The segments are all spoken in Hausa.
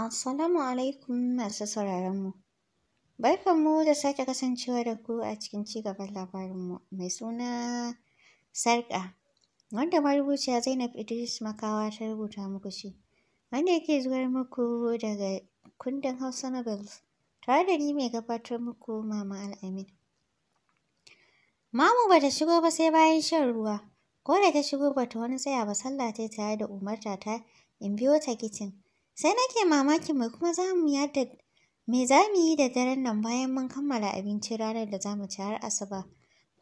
Assalamu alaikum masu sauraronmu. Barkanmu da sake kasancewa da ku a cikin ci gaban labarinmu mai suna Sarka, Wanda marubuciya Zainab Idris Makawa ta rubuta muku shi. Wanda yake zuwar muku daga kundin Hausa Novels. Tare da ni mai gabatar muku Mama Al'amin. Mamu ba ta shigo ba sai bayan shan ruwa. Ko da ta shigo ba ta wani tsaya ba sallah ta tare da umarta ta in biyo ta kicin. Sai nake mamakin mai kuma za mu yadda me za mu yi da daren nan bayan mun kammala abincin ranar da za mu ci har asuba.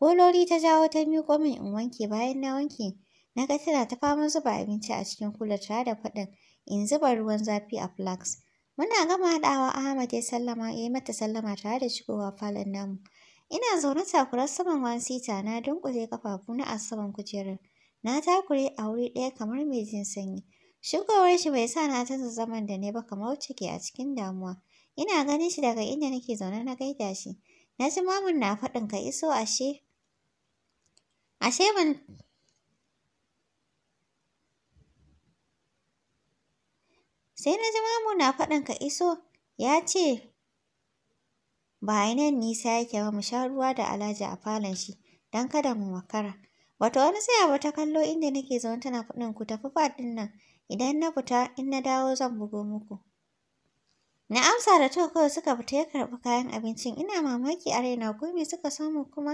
lori ta jawo ta miƙo min in wanke bayan na wanke na ga tana ta fama zuba abinci a cikin kula tare da faɗin in zuba ruwan zafi a flask. Muna gama haɗawa Ahmad ya sallama ya yi mata sallama tare da shigowa falon namu. Ina zaune takurar saman sita na dunkule kafafu na a saman kujerar. Na takure a wuri ɗaya kamar mai jin sanyi. Shigowar shi bai sa na tasa zaman da ne ba kamar ciki a cikin damuwa. Ina ganin shi daga inda nake zaune na gaida shi. Na ji mamun na faɗin ka iso ashe. Ashe ban Sai na ji mamu na faɗin ka iso ya ce ba nan nisa yake ba mu sha ruwa da alhaji a falon shi don kada mu makara. Wata wani sai ba ta kallo inda nake zaune tana faɗin ku tafi faɗin nan Idan na fita in na dawo zan bugo muku. Na amsa da to kawai suka fita ya karɓi kayan abincin ina mamaki a raina ko me suka samu kuma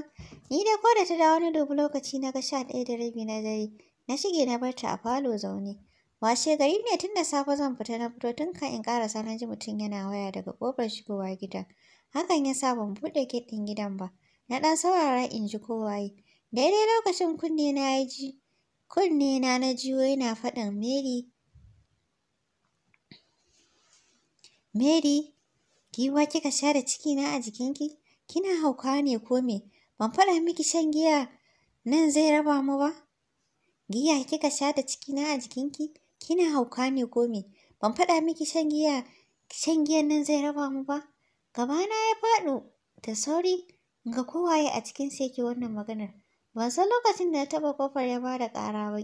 ni dai ko da ta dawo na dubi lokaci na ga sha ɗaya da rabi na dare na shige na bar ta a falo zaune. Washe gari ne tun da safe zan fita na fito tun kan in ƙarasa na ji mutum yana waya daga ƙofar shigowa gidan. Hakan ya sa ban buɗe gate ɗin gidan ba. Na ɗan saurara in ji ko waye. Daidai lokacin kunne na ya ji kunne na na jiwo yana faɗin Mary. Mary, giwa kika share ciki na a jikinki? Kina hauka ne ko me? Ban faɗa miki shan giya nan zai raba mu ba? Giya kika share ciki na a jikinki? Kina hauka ne ko me? Ban faɗa miki shan giya shan giyan nan zai raba mu ba? Gabana ya faɗo da sauri ga kowaye a cikin sai ke wannan maganar. Ban san lokacin da ya taɓa kofar ya bada ƙara ba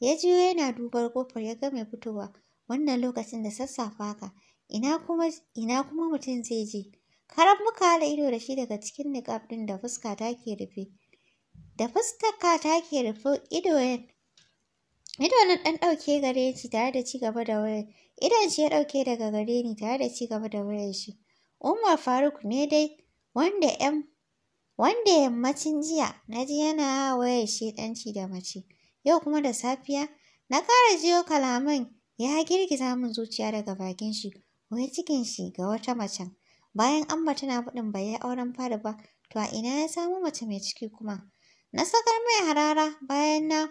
Ya jiyo yana dubar kofar ya ga mai fitowa. Wannan lokacin da sassafe haka. Ina kuma mutum zai je? Karan muka ido da shi daga cikin niƙaf ɗin da fuska ta ke rufe. Da ka ta ke rufe ido ɗan ɗauke gare shi tare da cigaba da wayar. Idan shi ya ɗauke daga gare ni tare da cigaba da wayar shi. Umar Faruk ne dai wanda 'yan Wanda yammacin jiya na ji yana wayar ɗanci da mace, yau kuma da safiya na kara jiyo kalaman ya girgiza min zuciya daga bakin shi, wai cikin shi ga wata macen. Bayan Amma tana faɗin bai yi auren fari ba, to a ina ya samu mace mai ciki kuma? Na sakar mai harara bayan na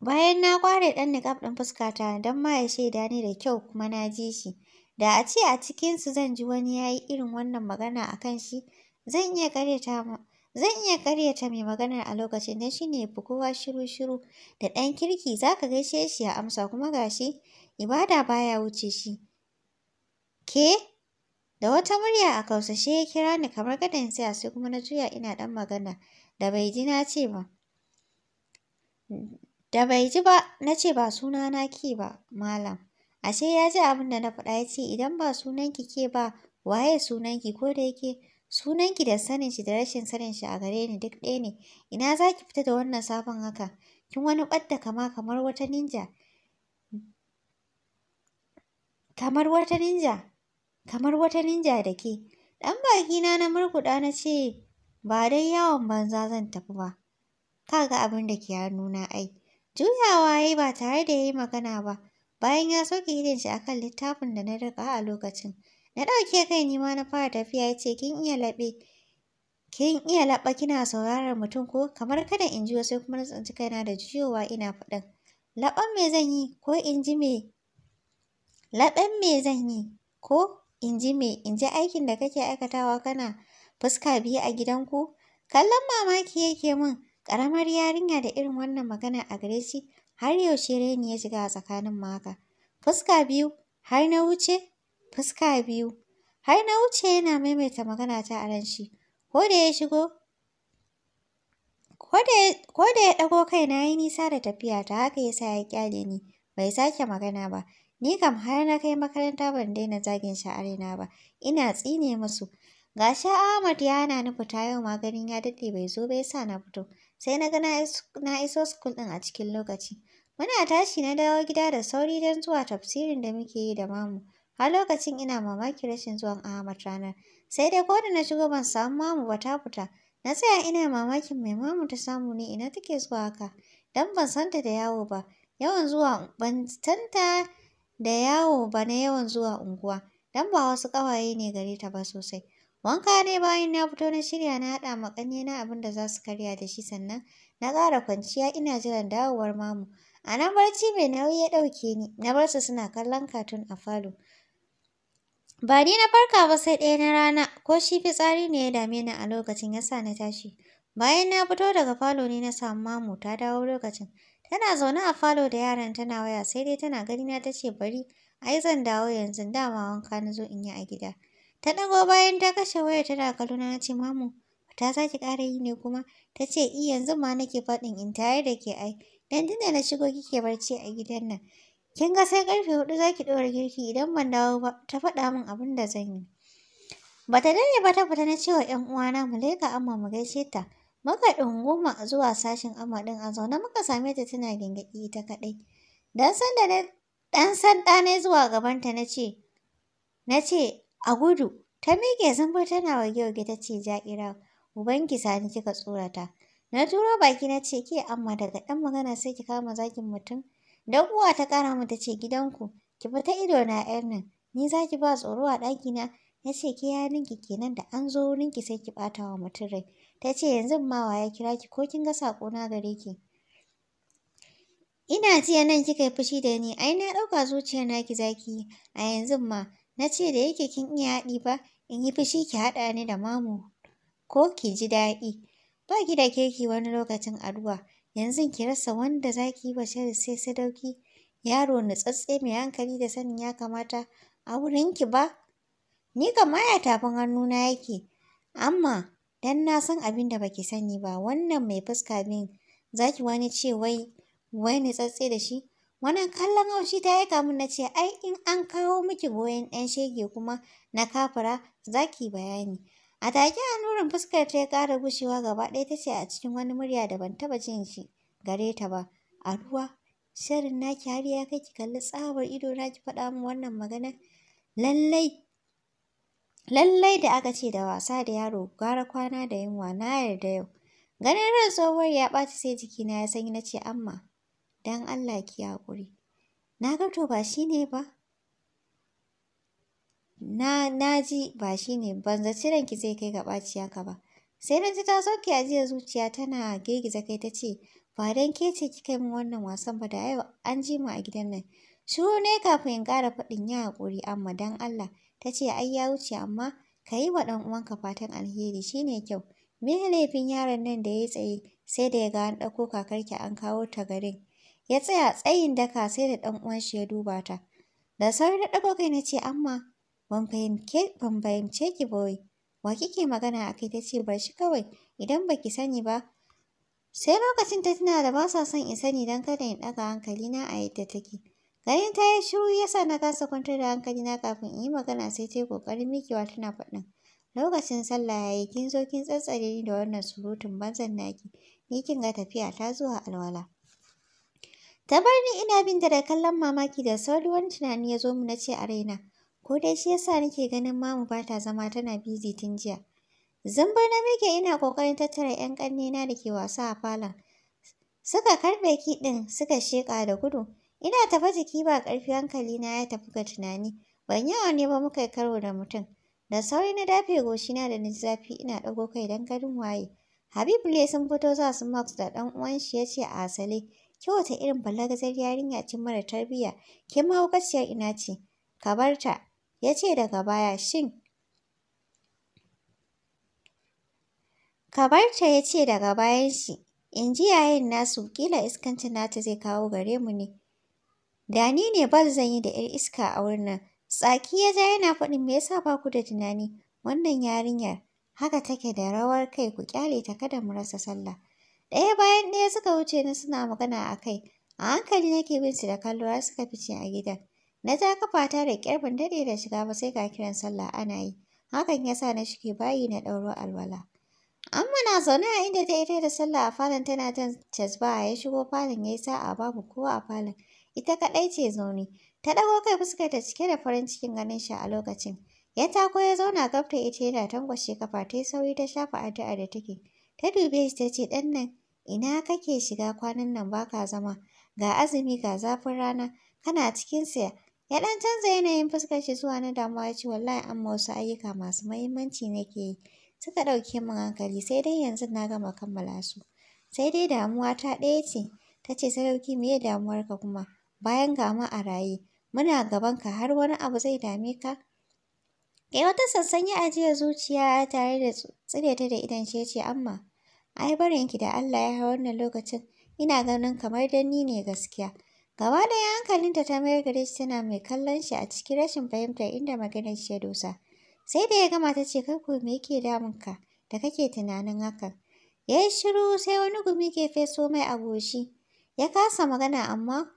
bayan na kware ɗan niƙaf ɗin fuskata don ma ya shaida ni da kyau kuma na ji shi. Da a ce a cikinsu zan ji wani ya yi irin wannan magana a kan shi, Zan iya karyata ma zan mai maganar a lokacin dan shi ne fi kowa shiru-shiru da ɗan kirki za ka gaishe shi ya amsa kuma ga shi ibada baya wuce shi. Ke? Da wata murya a kausashe ya kira ni kamar gadon tsaya sai kuma na juya ina ɗan magana da bai ji na ce ba. Da bai ji ba na ce ba suna na ke ba malam. Ashe ya ji abin da na faɗa ya ce idan ba sunanki ke ba waye sunanki ko da yake Sunan ki da sanin shi da rashin sanin shi a gare ni duk ɗaya ne. Ina za ki fita da wannan sabon haka? Kin wani ɓadda kama kamar wata ninja. Kamar wata ninja. Kamar wata ninja da ke. Ɗan bakina na murkuɗa na ce ba dai yawon banza zan tafi ba. Kaga abin da ke nuna ai. Juyawa ya ba tare da ya yi magana ba. Bayan ya soke idon shi akan littafin da na riƙa a lokacin. Na ɗauke kai nima na fara tafiya ya ce kin iya laɓe. Kin iya laɓa kina sauraron mutum ko kamar kada in ji wasu kuma na tsinci kaina da jiyowa ina faɗin. Laɓan me zan yi ko in ji me? Laɓan me zan yi ko in ji me? In ji aikin da kake aikatawa kana fuska biyu a gidan ku? Kallon mamaki yake min ƙaramar yarinya da irin wannan magana a gare shi har yaushe raini ya shiga a tsakanin maka? Fuska biyu har na wuce fuska biyu. Har na wuce yana maimaita magana ta a ran shi. Ko da ya shigo, ko da ya ɗago kai na yi nisa da tafiya ta haka yasa ya kyale ni. Bai sake magana ba. Ni kam har na kai makaranta ban daina zagin sha'arina ba. Ina tsine musu. Ga sha Ahmad ya hana ni fita yau maganin ya daɗe bai zo bai sa na fito. Sai na ga na iso sukul ɗin a cikin lokaci. Muna tashi na dawo gida da sauri don zuwa tafsirin da muke yi da mamu. Har lokacin ina mamaki rashin zuwan Ahmad ranar. Sai dai ko da na shigo ban samu mamu ba ta fita. Na tsaya ina mamakin mai mamu ta samu ne ina take zuwa haka. Dan ban santa da yawo ba. Yawan zuwa ban tanta da yawo ba na yawan zuwa unguwa. Dan ba wasu ƙawaye ne gare ta ba sosai. Wanka ne bayan na fito na shirya na haɗa ma na abin da za su karya da shi sannan na ƙara kwanciya ina jiran dawowar mamu. A nan barci mai nauyi ya ɗauke ni, na bar su suna kallon katun a falo. Ba ni na farka ba sai ɗaya na rana, ko shi fitsari ne ya dame ni a lokacin ya sa na tashi. Bayan na fito daga falo ne na samu mamu ta dawo lokacin. Tana zaune a falo da yaran tana waya sai dai tana gani na ta ce bari ai zan dawo yanzu dama wanka na zo in yi a gida. Ta ɗago bayan ta kashe waya tana kalona na ce mamu ta sake ƙara yi ne kuma ta ce i eh, yanzu ma nake faɗin in tayar da ke ai dan tunda na shigo kike barci a gidan nan Kin ga sai ƙarfe hudu za ki ɗora girki idan ban dawo ba, ta faɗa min abin da zan yi. Ba ta dare ba ta fita na cewa ‘yan uwana mu leka amma mu gaishe ta. Muka ɗunguma zuwa sashin amma ɗin a zaune muka same ta tana gingaɗi ita kaɗai. Dan san da ɗan san ɗane zuwa gabanta na ce, na ce a gudu. Ta miƙe zumbur tana wage-wage ta ce ja'ira, ubanki sani kika tsorata. Na turo baki na ce ke amma daga ɗan magana sai ki kama zakin mutum. Dan uwa ta ƙara mata ce gidanku, ki fita ido na ‘yar nan, ni za ki ba tsoro a ɗaki na? Ya ce ke ki kenan da an zo ki sai ki ɓata wa mutum rai. Ta ce yanzu ma ya kira ki ko kin ga na gare ki. Ina jiya nan kika yi fushi da ni, ai na ɗauka zuciyar naki za ki yi, a yanzu ma. Na ce da yake kin iya haɗi ba, in yi fushi ki haɗa ni da mamu ko ki ji daɗi. Ba ki da kirki wani lokacin addu'a. yanzu ki rasa wanda zaki yi ba shari sai sadauki yaro nutsatse mai hankali da sanin ya kamata a wurin ki, ba ni kama ya tafin hannuna yake amma dan na san abin da baki sani ba wannan mai fuska bin zaki ki wani ce wai wai nutsatse da shi wannan kallon haushi ta yi kamun na ce ai in an kawo miki goyon ɗan shege kuma na kafara zaki ki bayani A take nurin fuskar ta ya ƙara gushewa gaba ɗaya ta ce a cikin wani murya da ban taɓa jin shi gare ta ba. A ruwa, shirin naki har ya kai ki kalli tsabar ido na ki faɗa min wannan maganar. Lallai, lallai da aka ce da wasa da yaro gara kwana da yunwa na yarda yau. Ganin ran tsohuwar ya ɓaci sai jikina ya sanyi na ce amma, don Allah ki haƙuri. Na ga to ba shi ne ba. Na naji ba shi ne ban zaci ranki zai kai ga ɓaci ka ba. Sai na ji ta sauke ajiyar zuciya tana girgiza kai ta ce ba dan ke ce ki kai min wannan wasan ba da yau an ji mu a gidan nan. Shiru ne kafin in ƙara faɗin ya haƙuri amma dan Allah ta ce ai ya wuce amma ka yi wa ɗan uwanka fatan alheri shine kyau. Me laifin yaron nan da ya tsaye sai da ya ga an ɗauko ki an kawo ta garin. Ya tsaya tsayin daka sai da ɗan uwan shi ya duba ta. Da sauri na ɗago kai na ce amma Ban fahimce ban fahimce ki boy. Wa kike magana a kai ta ce bar shi kawai idan baki sani ba. Sai lokacin ta tana da ba sa son in sani dan kada in ɗaga na a yadda take. Ganin ta yi shiru yasa na kasa kwantar da hankali na kafin in yi magana sai ta yi ƙoƙarin miƙewa tana faɗin. Lokacin sallah ya yi kin zo kin tsantsare ni da wannan surutun banzan naki. Ni kin ga tafiya ta zuwa alwala. Ta bar ni ina binta da kallon mamaki da sauri wani tunani ya zo mu na ce a raina. Ko dai shi yasa nake ganin mamu ba ta zama tana bizi tun jiya. Zambar na mike ina kokarin tattara 'yan ƙannena da ke wasa a falon. Suka karɓe ki ɗin, suka sheƙa da gudu. Ina tafa jiki ba ƙarfi na ya tafi ga tunani. Ban yawa ne ba muka yi karo da mutum. Da sauri na dafe goshina da na zafi ina ɗago kai don ganin waye. Habibu ne sun fito za su Max da ɗan uwan shi ya ce a asale. Ki wata irin balagazar yarinya ce mara tarbiyya. Ke mahaukaciyar ina ce. Ka bar ta. ya ce daga baya shin Kabarta ya ce daga bayan shi in ji yayin nasu kila iskancin nata zai kawo gare mu ne da ni ne bal zan yi da 'yar iska a wurin nan tsaki ya ja yana faɗin me yasa ba ku da tunani wannan yarinyar haka take da rawar kai ku kyale ta kada mu rasa sallah ɗaya bayan ɗaya suka wuce ni suna magana a kai a hankali nake bin su da kallo har suka fice a gidan Na ja kafata da ƙyar ban daɗe da shiga ba sai ga kiran sallah ana yi. Hakan yasa na shige bayi na ɗauro alwala. Amma na zaune a inda ta ita da sallah a falon tana jan casba ya shigo falon ya yi sa'a babu kowa a falon. Ita kaɗai ce zaune. Ta ɗago kai fuskar ta cike da farin cikin ganin shi a lokacin. Ya ko ya zauna gab ita yana tangwashe kafa ta yi sauri ta shafa addu'a da take. Ta dube shi ta ce ɗan nan ina kake shiga kwanan nan baka zama ga azumi ga zafin rana kana cikin siya Ya dan canza yanayin fuskar shi zuwa na damuwa ya ce wallahi amma wasu ayyuka masu mahimmanci nake yi. Suka ɗauke min hankali sai dai yanzu na gama kammala su. Sai dai damuwa ta ɗaya ce. Ta ce sarauki damuwar ka kuma? Bayan ga mu a raye, muna gaban ka, har wani abu zai dame ka? Kai eh, wata a ajiyar zuciya tare da tsire ta da idan shi ya ce amma ai ki da Allah ya hau wannan lokacin ina ganin kamar danni ne gaskiya. Gaba ɗaya hankalinta ta mayar gare shi tana mai kallon shi a cikin rashin fahimta inda maganar shi ya dosa. Sai da ya gama ta ce kai ko me yake damunka da kake tunanin hakan. Ya yi shiru sai wani gumi ke feso mai a goshi. Ya kasa magana amma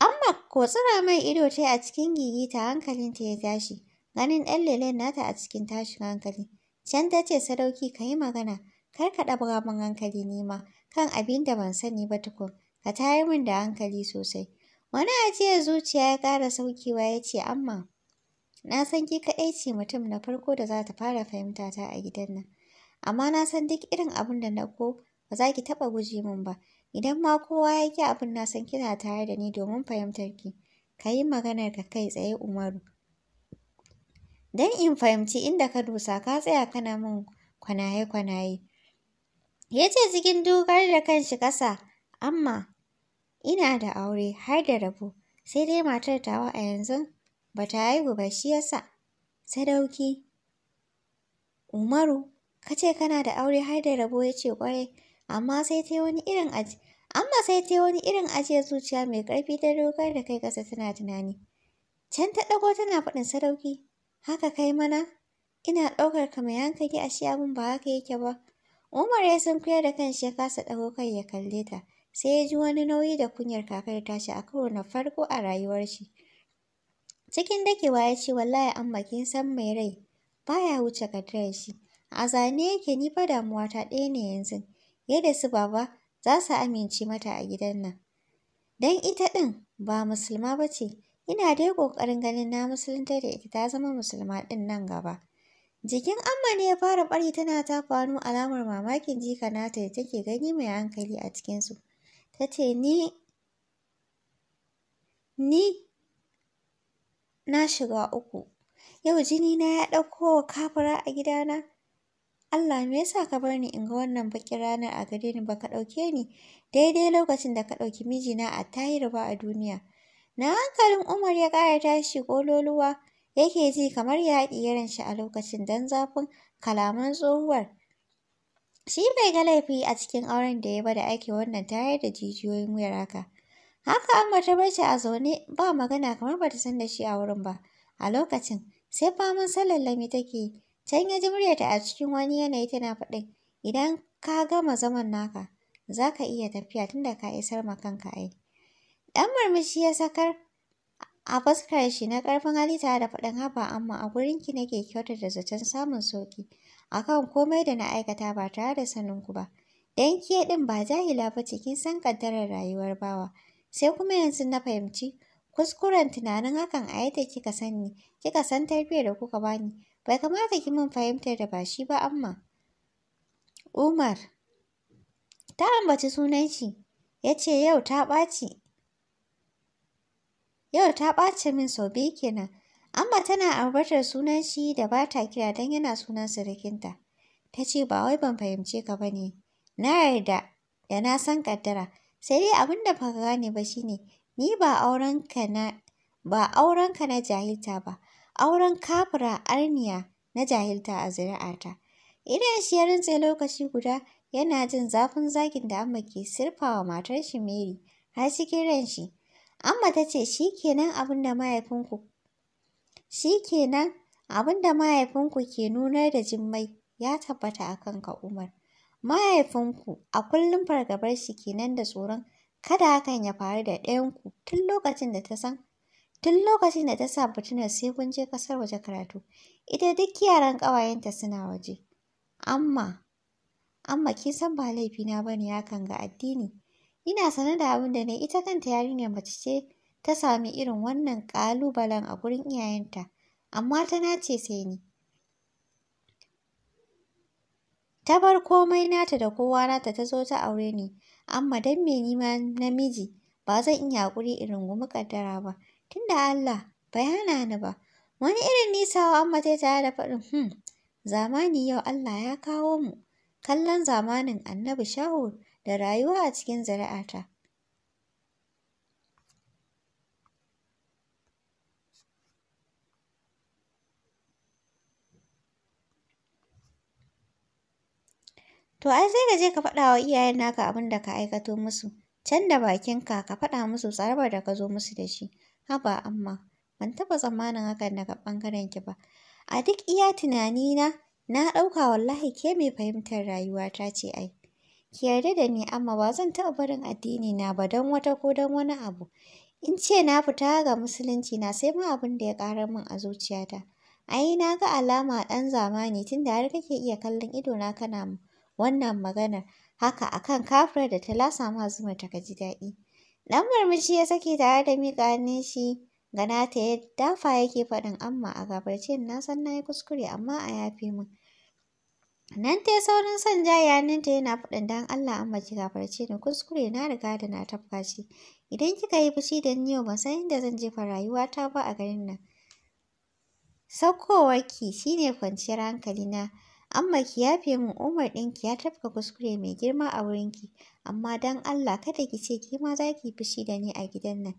amma ko tsira mai ido ta a cikin gigita ta ya tashi. Ganin ɗan lelen nata a cikin tashin hankali. Can ta ce sadauki ka yi magana kar ka ɗab'a min hankali nima kan abin da ban sani ba tukun. ka tayi min da hankali sosai. Wani ajiyar zuciya ya ƙara saukewa ya ce, amma na san ki kaɗai ce mutum na farko da za ta fara fahimta ta a gidan nan. Amma na san duk irin abin da na ko ba za ki taɓa guje min ba. Idan ma kowa ya ki abin na san kina tare da ni domin fahimtar ki. Ka yi maganar ka kai tsaye Umaru. dan in fahimci inda ka dosa ka tsaya kana min kwanaye-kwanaye. Ya ce cikin dogar da kanshi ƙasa. amma ina da aure har da rabo, sai dai matar tawa a yanzu ba ta haihu ba shi yasa. Sadauki Umaru, ka ce kana da aure har da rabo ya ce ƙwarai, amma sai ta wani irin aji. Amma sai ta wani irin ya zuciya mai ƙarfi ta dokar da kai ƙasa tana tunani. Can ta ɗago tana faɗin sadauki, haka kai mana? Ina ɗaukar ka mai hankali a shi abin ba haka yake ba. Umar ya sunkuyar da kan shi ya kasa ɗago kai ya kalle ta. sai ya ji wani nauyi da kunyar kakar tashi a karo na farko a rayuwar shi. Cikin dakewa ya ce wallahi amma kin san mai rai baya wuce kadirar shi. A zane yake ni fa damuwa ta ɗaya ne yanzu. Yadda su baba za su amince mata a gidan nan. Dan ita ɗin ba musulma ba ce. Ina dai ƙoƙarin ganin na musulunta da ita ta zama musulma ɗin nan gaba. Jikin Amma ne ya fara ɓari tana tafa wani alamar mamakin jika nata da take gani mai hankali a cikinsu. ta ce ni ni na shiga uku yau jini na ya ɗauko wa kafura a gidana Allah me yasa ka bar ni in ga wannan baƙin ranar a gare ni baka ɗauke ni daidai lokacin da ka ɗauki mijina a tahir ba a duniya na hankalin Umar ya ƙara tashi kololuwa yake ji kamar ya haɗi shi a lokacin dan zafin kalaman tsohuwar Shi bai ga laifi a cikin auren da ya ba da aiki wannan tayar da jijiyoyin wuyar haka. Haka an ta bar shi a zaune ba magana kamar ba ta san da shi a wurin ba. A lokacin sai faman sallallami take yi. Can ya ji muryarta a cikin wani yanayi tana faɗin idan ka gama zaman naka za ka iya tafiya tunda ka isar ma kanka ai. Ɗan murmushi ya sakar a fuskar shi na ƙarfin hali tare da faɗin haba amma a gurin ki nake da zaton samun sauki akan komai da na aikata ba tare da sanin ku ba dan ke din ba jahila ba ce kin san kaddarar rayuwar bawa sai kuma yanzu na fahimci kuskuren tunanin hakan a yadda kika sani kika san tarbiyyar da kuka bani bai kamata ki min fahimtar da ba shi ba amma Umar ta ambaci sunan shi ya ce yau ta ɓaci Yau ta ɓace min sau biyu kenan. Amma tana ambatar sunan shi da ba ta kira don yana sunan surukinta. Ta ce ba wai ban fahimce ka ba ne. Na yarda da na san ƙaddara. Sai dai abin da baka gane ba shine ni ba aurenka na na jahilta ba. Auren kafira arniya na jahilta a zuri'ata. Idan shi ya rintse lokaci guda yana jin zafin zagin da Amma ke sirfawa matar shi Mary har cikin ran shi. Amma ta ce shi kenan abin da mahaifinku shi kenan abin da mahaifinku ke nunar da jimmai ya tabbata a kanka Umar. Mahaifinku a kullum fargabar shi kenan da tsoron kada hakan ya faru da ɗayanku tun lokacin da ta san tun lokacin da ta sa fitinar sai kun je kasar waje karatu ita duk yaran ƙawayenta suna waje amma amma kin san ba laifina ya yakan ga addini Ina sane da abin da na ita kanta yarinyar mace ce ta sami irin wannan ƙalubalen a gurin iyayenta, amma ta nace sai ni. Ta bar komai nata da kowa nata ta zo ta aure ni, amma don me ni ma namiji ba zan iya haƙuri in rungumi ƙaddara ba, tunda Allah bai hana ni ba. Wani irin nisa nisawa amma ta tare da faɗin hmm, zamani yau Allah ya kawo mu. Kallon zamanin Annabi Shahu da rayuwa a cikin zari'ata. To ai sai ka je ka faɗa wa iyayen naka abin da ka aikato musu, can da bakinka ka faɗa musu tsarabar da ka zo musu da shi. Haba amma, ban taɓa tsammanin hakan daga ɓangarenki ba. A duk iya tunanina, na ɗauka wallahi ke mai fahimtar rayuwata ce ai. Ki yarda da ni amma ba zan taɓa barin addini na ba don wata ko don wani abu. In ce na fita ga musulunci na sai ma abin da ya ƙarar min a zuciyata. Ai na ga alama ɗan zamani tunda har kake iya kallon ido na kana wannan maganar haka akan kafrar da ta lasa ma zuma ta ka ji daɗi. Ɗan murmushi ya saki tare da miƙa hannun shi ga nata ya dafa yake faɗin amma a ce na san na yi kuskure amma a yafe min. Nan ta saurin son jaya ta yana faɗin don Allah an baki gafarce ni kuskure na riga da na tafka shi. Idan kika yi fushi da ni yau ban san inda zan jefa ta ba a garin nan. ki shine kwanciyar hankali na. Amma ki yafe min umar ɗinki ya tafka kuskure mai girma a wurin ki amma don Allah kada ki ce ki ma za ki yi fushi da ni a gidan nan.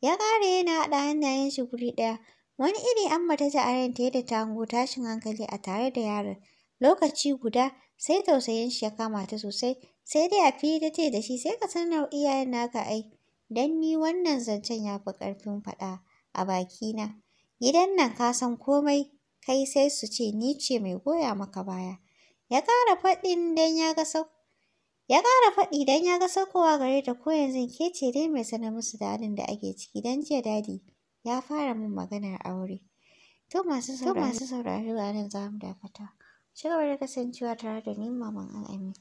Ya ƙara yana haɗa hannayen shi guri ɗaya. Wani iri amma ta ji a ranta yadda ta hango tashin hankali a tare da yaron. Lokaci guda sai tausayin shi ya kama ta sosai, sai dai a fili ta ce da shi sai ka sanar iyayen naka ai, don ni wannan zancen ya fi ƙarfin faɗa a bakina. Gidan nan ka san komai, kai sai su ce ni ce mai goya maka baya. Ya ƙara faɗi dan ya ga saukowa gare ta ko yanzu ke ce dai mai sanar musu da halin da ake ciki dan jiya dadi ya fara min maganar aure. To masu saurari a nan za mu dakata. Ci da kasancewa tare da ni Maman amin?